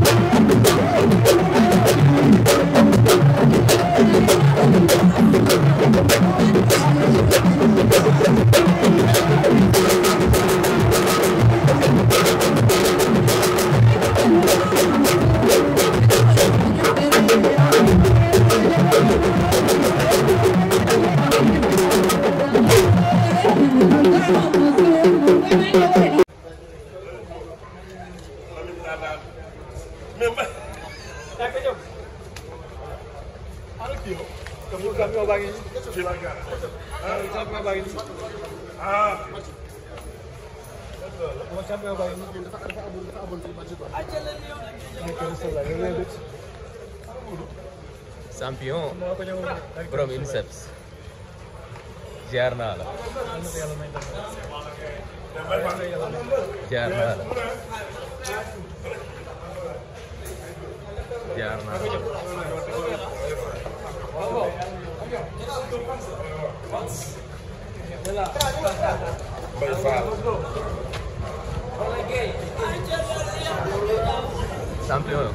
Thank you. champion borom INSEPS jaar naa la jaar naa la jaar naa la Bay Fall champion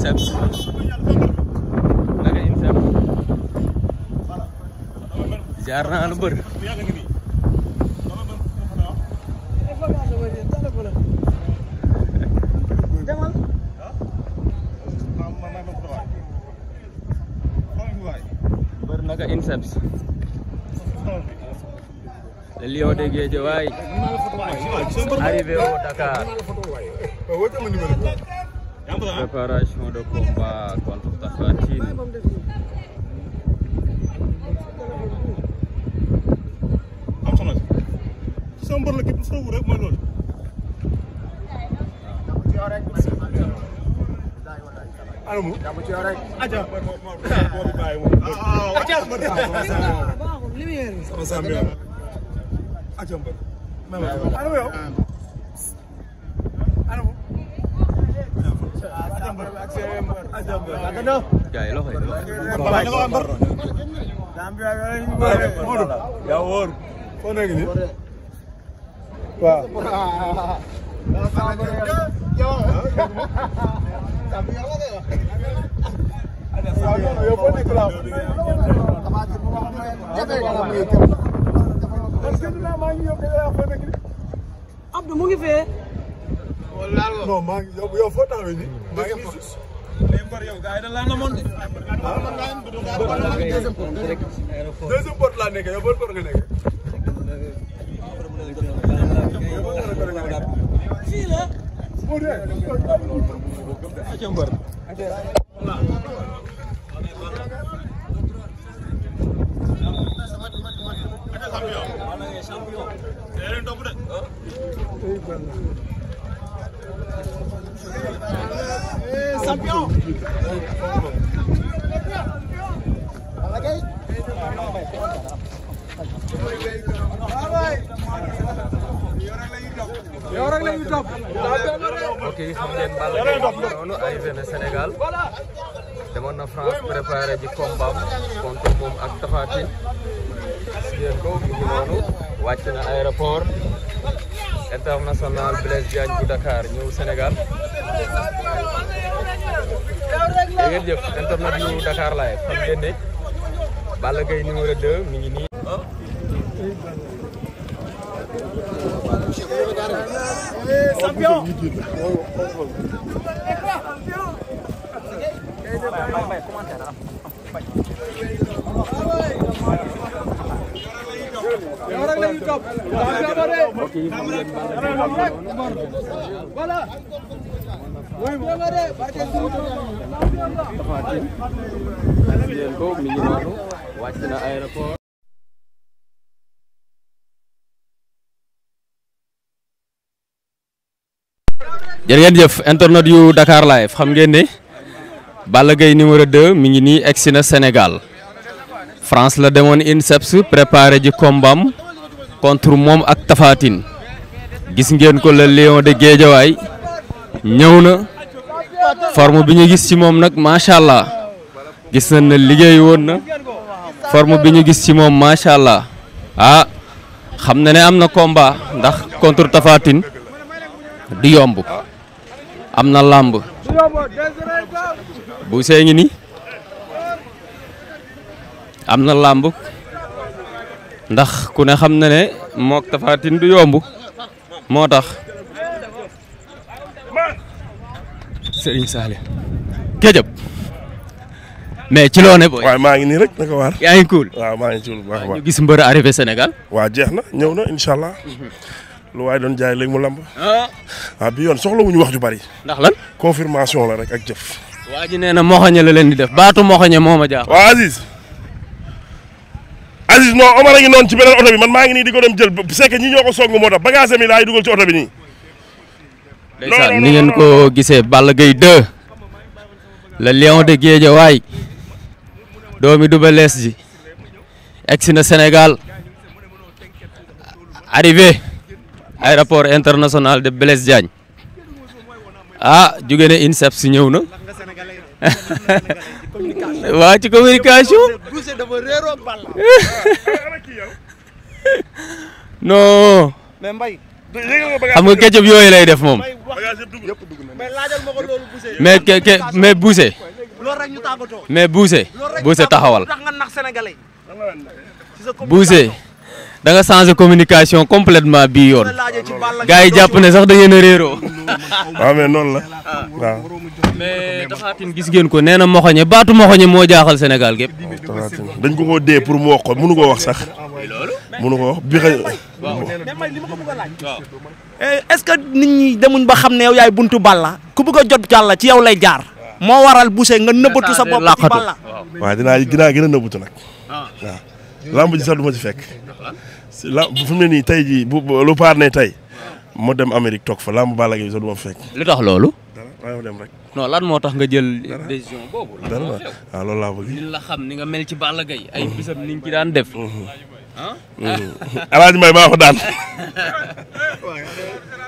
INSEPS naka INSEPS jaar naa lu bëri bëri naka INSEPS le lion de Guédiawaye arrivé au Dakar Préparation de combat contre Tapha Tine. Alamu dama ci yow rek aja boobu bàyyi moom ah ah aja mbër baaxul lumière sama sam yow aja mbër jaay loxo yi. yaa wóor. foo nekk nii. waaw. Abdou mu ngi fee. non maa ngi yow foo taxawee nii. deuxième fois. mais Mbari yow gars yi dañ laa namoon de. deuxième porte laa nga nekkee. fii la. acca Mbari. champion. champion. ok gis ngeen Balla Gaye noonu arrivé na Sénégal demoon na France préparé ji combat contre moom ak Tapha Tine gis ngeen ko mu ngi noonu wàcc na aéroport international Blaise Diagne bu Dakar ñëw Sénégal da ngeen jëf internet yu Dakar Live xam ngeen ne Balla Gaye numéro 2 mi ngi nii. champion. ok xam ngeen Balla Gaye gis ngeen jëf internet yu Dakar live xam ngeen ne Balla Gaye numéro 2 mi ngi nii egsi na Sénégal France la demoon INSEPS préparé ji kombam contre moom ak Tapha gis ngeen ko le Lion de Guédiawaye ñëw na forme bi ñu gis ci moom nag macha allah. gis nañ ne liggéey woon na forme bi ñu gis ci moom macha allah ah xam na ne am na komba ndax contre Tapha Tine du yomb am na làmb bu see ngi ni am na làmb ndax ku ne xam na ne mook Tapha du yomb moo tax Serigne mais ci loo booy. maa ngi nii rek naka waar. yaa ngi cool waaw maa ngi ci lu gis mbër arrivé Sénégal. waaw jeex na ñëw na incha allah. Mhm. lu waaye doon jaay léegi mu lamb. Ah. waaw bi yoon soxlawuñu wax ju bari. ndax lan confirmation la rek ak jëf. waa ji nee na moxoñe la leen di def baatu moxoñe moo ma jaaxal. waaw Aziz. Aziz non Omar a ci beneen oto bi man maa ngi nii di ko dem jël bu fekkee ñi ñoo ko song moo tax bagage mi laay dugal ci oto bi nii. ni ngeen ko gisee Balla Gaye 2 le lion de doomi Double Less ji egsi na Sénégal arrivé aéroport international de Blaise Diagne ah jóge na INSEP si ñëw na waa ci communication non xam nga ketchup yooyu lay def moom mais loolu rek ñu mais Bousse Bousse taxawal tax nga nax sénégalais danga da communication complètement bii yoon gars yi jàpp ne sax da ngeen a réeroo. waaw ah, mais noonu la ah. Ah. mais Tapha gis ngeen ko nee na Moxoñe baatu Moxoñe moo jaaxal senegal gépp dañ ko koo dee pour mu wax ko mënu ko wax sax mënu ko wax bi eh, est-ce que nit ñi demuñ ba xam ne yow yaay buntu Balla ku bëgg a jot Balla ci yow lay jaar. moo waral Boucher nga nëbbatu sa bopp ci Balla waaw dinaa dinaa gën a nëbbatu nag ah. waaw lamb ji sax du ma ci fekk la fu ne nii tey jii bu lu paar ne tey moo dem Amérique toog fa lamb Balla gi sax du ma fekk li tax loolu waaw dem lan moo tax nga jël décision boobu. dara ah, loolu laa bëgg. li la xam ni nga mel ci Balla Gaye ay bisam ni nga ci daan def. Mm-hmm. Ah? Mm-hmm. Alaaji Mbaye maa daan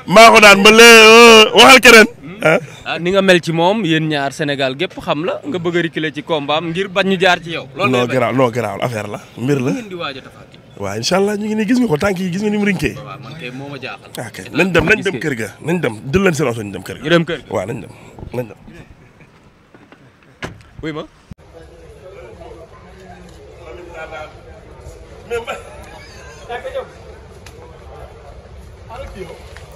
maa daan ba lee euh, waxal keneen. Ah, ni nga mel ci moom yéen ñaar Sénégal gépp xam la nga bëgg a reculer ci kombaam ngir bañ ñu jaar ci yow. loolu non garaaw non garaaw affaire la mbir la. ngeen di waaj allah ñu ngi nii gis nga ko tànk yi gis nga ni mu rinkee. waaw nañ dem nañ dem kër ga nañ dem jël leen seen oto ñu dem kër ga. ñu dem kër ga waaw nañ dem nañ dem.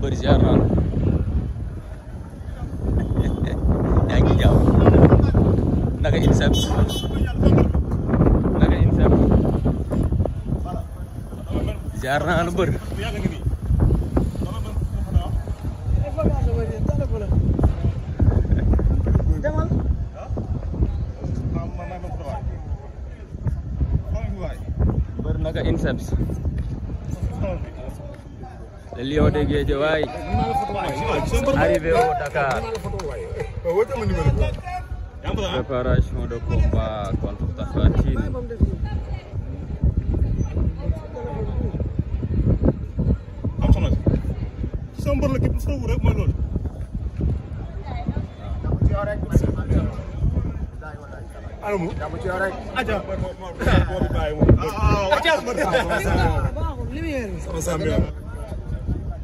bëri ziar naa la yaa ngi jaaw naka INSEP naka INSEP ziar naa la bëri bëri naka le lion de Guédiawaye arrivé au Dakar préparation de combat contre Tapha Tine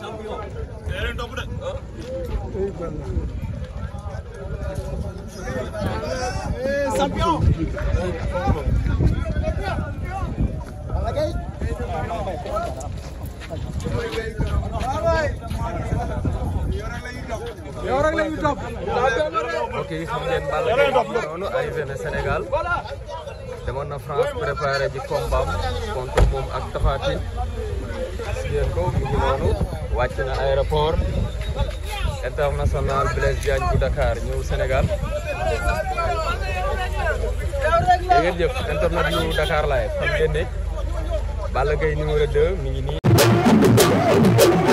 champion da leen topp de champion yow rek la ñuy topp ok xam ngeen Balla Gaye noonu ay jeune Sénégal demoon na France préparé ji combat contre moom ak Tapha Tine gis ngeen wàcc na aéroport international Blaise Diagne bu Dakar ñëw Sénégal da ngeen jëf mi ngi nii